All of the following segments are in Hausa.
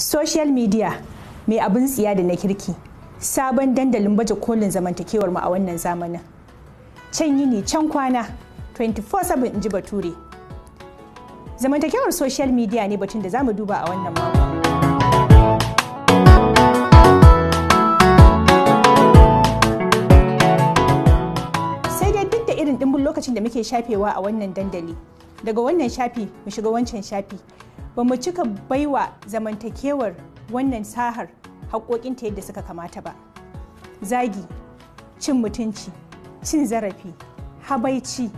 social media mai abin tsiya da na kirki sabon dandalin baje kolin zamantakewar mu a wannan zamanin can yini can kwana 24/7 ji bature zamantakewar social media ne batun da za mu duba a wannan mako sai dai duk da irin dimbin lokacin da muke shafewa a wannan dandali daga wannan shafi mu shiga wancan shafi ba mu cika baiwa zamantakewar wannan sahar ta yadda suka kamata ba zagi cin mutunci cin zarafi habaici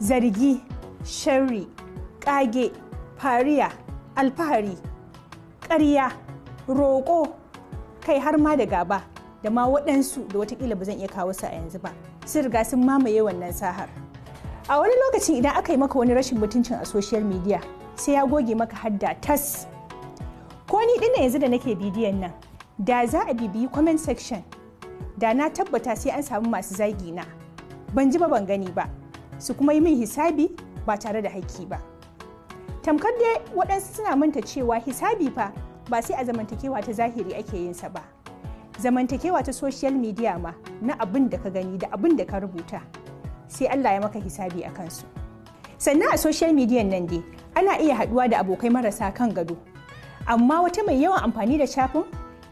zargi sharri ƙage fariya alfahari ƙarya roƙo kai har ma da gaba da ma waɗansu da watakila ba zan iya kawo su a yanzu ba sun riga sun mamaye wannan sahar a wani lokacin idan aka yi maka wani rashin mutuncin a social media sai ya goge maka hadda tas ko ni dina yanzu da nake bidiyon nan da za a bibiyi comment section da na tabbata sai an samu masu zagi na ban ji ba ban gani ba su kuma yi min hisabi ba tare da haƙƙi ba tamkar dai waɗansu suna manta cewa hisabi fa ba sai a zamantakewa ta zahiri ake yin sa ba zamantakewa ta social media ma na abin da ka gani da abin da ka rubuta sai Allah ya maka hisabi a kansu sannan a social media nan dai ana iya haɗuwa da abokai marasa kan gado amma wata mai yawan amfani da shafin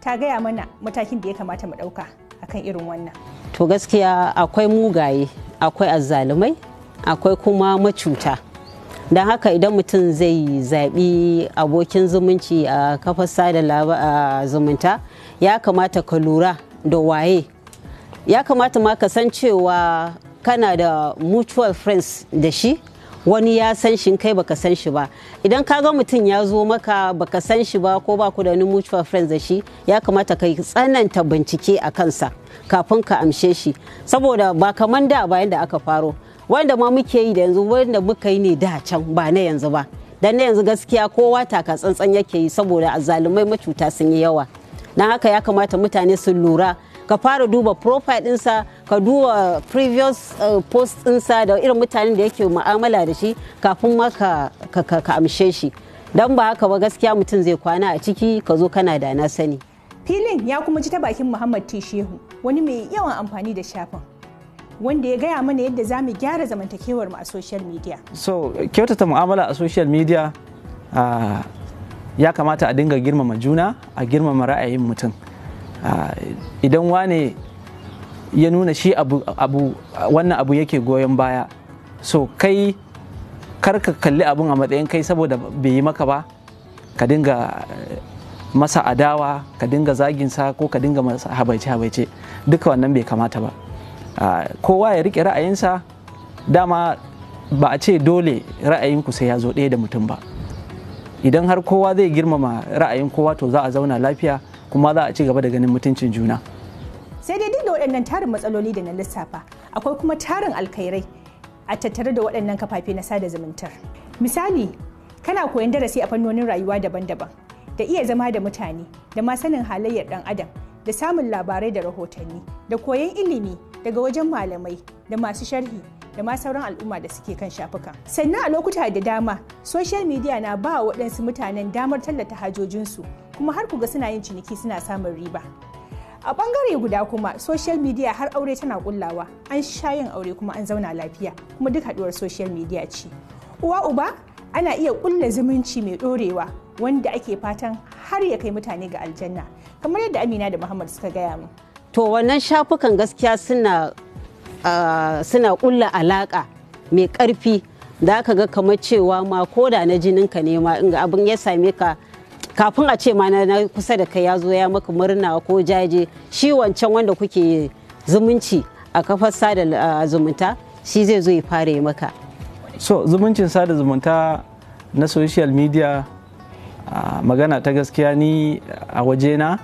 ta gaya mana matakin da ya kamata mu ɗauka akan irin wannan to gaskiya akwai mugaye akwai azzalumai akwai kuma macuta don haka idan mutum zai zaɓi abokin zumunci a kafar sada zumunta ya kamata ka lura da waye ya kamata ma ka san cewa kana da mutual friends da shi wani ya san shi kai baka san shi ba idan ka ga mutum ya zo maka baka san shi ba ko ba ku da wani mutual friends da shi ya kamata ka tsananta bincike a kansa kafin ka amshe shi saboda ba kaman da bayan da aka faro wanda ma muke yi da yanzu wanda muka yi ne da can ba na yanzu ba dan na yanzu gaskiya kowa taka tsantsan yake yi saboda azzalumai macuta sun yi yawa dan haka ya kamata mutane su lura ka fara duba profile ɗinsa ka duba previous uh, post ɗinsa da irin mutanen da yake mu'amala da shi kafin ma ka amshe shi don ba haka ba gaskiya mutum zai kwana a ciki ka zo kana da na sani filin ya kuma ji ta bakin muhammad tishehu wani mai yawan amfani da shafin wanda ya gaya mana yadda za mu gyara zamantakewar mu a social media so kyautata mu'amala a social media uh, ya kamata a dinga girmama juna a girmama ra'ayin mutum Ah, idan wane ya nuna shi abu wannan abu yake goyon baya so kai karka kalli abun a matsayin kai saboda bai yi maka ba ka dinga eh, masa adawa ka dinga zaginsa ko ka dinga masa habaice-habaice duka wannan bai kamata ba ah, kowa ya rike ra'ayinsa dama ba a ce dole ra'ayinku sai ya zo ɗaya da mutum ba idan har kowa zai girmama ra'ayin kowa to za a zauna lafiya kuma za a ci gaba da ganin mutuncin juna sai dai duk da waɗannan tarin matsaloli da na lissafa akwai kuma tarin alkhairai a tattare da waɗannan kafafe na sada zumuntar misali kana koyon darasi a fannonin rayuwa daban-daban da iya zama da mutane da ma sanin halayyar ɗan adam da samun labarai da rahotanni da koyon ilimi daga wajen malamai da masu sharhi da ma sauran al'umma da suke kan shafukan. Sannan a lokuta da dama, social media na ba waɗansu mutanen damar tallata hajojinsu kuma har ku ga suna yin ciniki suna samun riba a bangare guda kuma social media har aure tana kullawa an sha yin aure kuma an zauna lafiya kuma duk haduwar social media ce uwa uba ana iya kulla zumunci mai dorewa wanda ake fatan har ya kai mutane ga aljanna kamar yadda amina da muhammad suka gaya mu to wannan shafukan gaskiya suna uh, suna kulla alaka mai karfi da aka ga kamar cewa ma koda na jininka ne ma in abin ya same ka kafin a ce ma na kusa da kai ya zo ya maka murna ko jaje shi wancan wanda kuke zumunci a kafar sada zumunta shi zai zo ya fara maka so zumuncin sada zumunta na social media magana ta gaskiya ni a waje wajena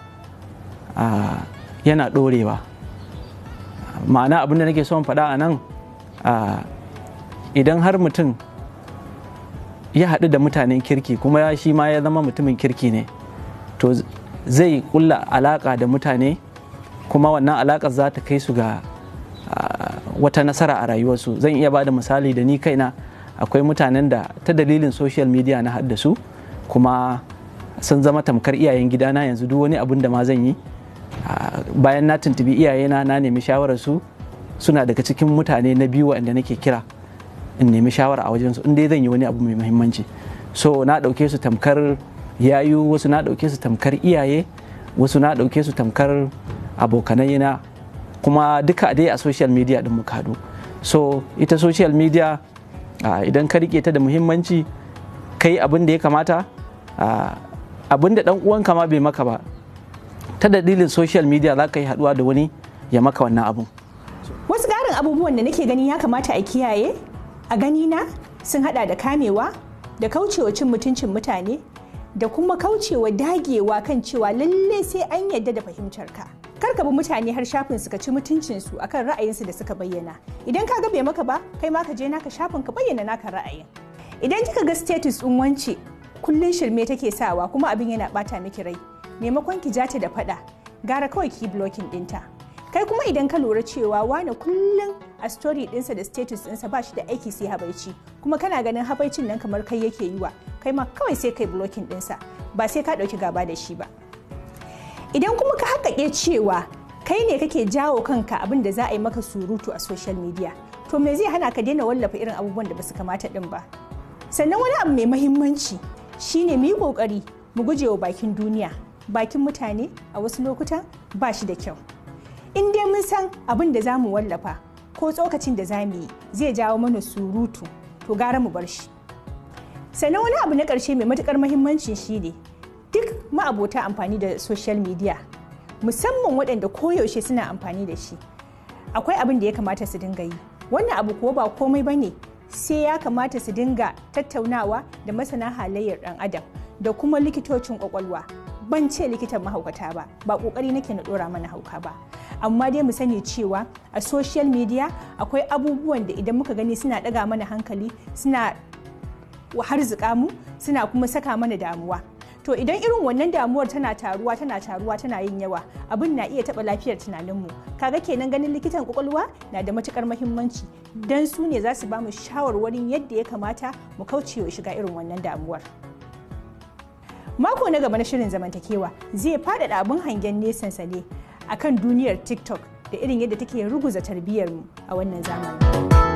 yana dorewa ma'ana abinda nake son faɗa a nan idan har mutum ya haɗu da mutanen kirki kuma shi ma ya zama mutumin kirki ne to zai kulla alaƙa da mutane kuma wannan alaƙar za ta kai su ga wata nasara a rayuwarsu zan iya ba da misali da ni kaina akwai mutanen da ta dalilin social media na su kuma sun zama tamkar iyayen gidana yanzu duk wani abun da ma zan yi bayan na tuntubi iyayena na nemi shawararsu suna daga cikin mutane na biyu waɗanda nake kira in nemi shawara a wajensu in dai zan yi wani abu mai muhimmanci so na ɗauke su tamkar yayu wasu na ɗauke su tamkar iyaye wasu na ɗauke su tamkar abokanai na kuma duka dai a social media ɗin muka so ita social media idan ka rike ta da muhimmanci kai abin da ya kamata abin da dan uwanka ma bai maka ba ta dalilin social media za ka yi haduwa da wani ya maka wannan abu. wasu garin abubuwan da nake gani ya kamata a kiyaye a ganina sun hada da kamewa da kaucewa cin mutuncin mutane da kuma kaucewa dagewa kan cewa lallai sai an yadda da fahimtar ka kar ka bi mutane har shafin suka ci mutuncin su akan ra'ayinsu da suka bayyana idan ka ga bai maka ba kai ma ka je naka shafin ka bayyana naka ra'ayin idan kika ga status din wance kullun shirme take sawa kuma abin yana bata miki rai maimakon ki jata da fada gara kawai ki blocking dinta kai kuma idan ka lura cewa wane kullum a story dinsa da status dinsa ba shi da aiki sai habaici kuma kana ganin habaicin nan kamar kai yake yi wa kai ma kawai sai kai blocking dinsa ba sai ka dauki gaba da shi ba idan kuma ka haƙaƙe cewa kai ne kake jawo kanka abin da za a yi maka surutu a social media to me zai hana ka daina wallafa irin abubuwan da ba su kamata din ba sannan wani abu mai mahimmanci shine mu yi kokari mu gujewa bakin duniya bakin mutane a wasu lokutan ba shi da kyau in dai mun san abin da za mu wallafa ko tsokacin da za mu yi zai jawo mana surutu to gara mu bar shi sannan wani abu na ƙarshe mai matuƙar mahimmancin shi ne duk ma'abota amfani da social media musamman waɗanda koyaushe suna amfani da shi akwai abin da ya kamata su dinga yi wannan abu kuwa ba komai ba ne sai ya kamata su dinga tattaunawa da masana halayyar ɗan adam da kuma likitocin ƙwaƙwalwa ban ce likitan mahaukata ba ba ƙoƙari nake na ɗora mana hauka ba amma dai mu sani cewa a social media akwai abubuwan da idan muka gani suna ɗaga mana hankali suna harzuka mu suna kuma saka mana damuwa to idan irin wannan damuwar tana taruwa tana taruwa tana yin yawa abin na iya taɓa lafiyar tunaninmu kaga kenan ganin likitan kwakwalwa na da matukar muhimmanci don su ne za su ba mu shawarwarin yadda ya kamata mu kaucewa shiga irin wannan damuwar mako na gaba na shirin zamantakewa zai faɗaɗa abin hangen sa ne akan duniyar tiktok da irin yadda take ruguza mu a wannan zamani.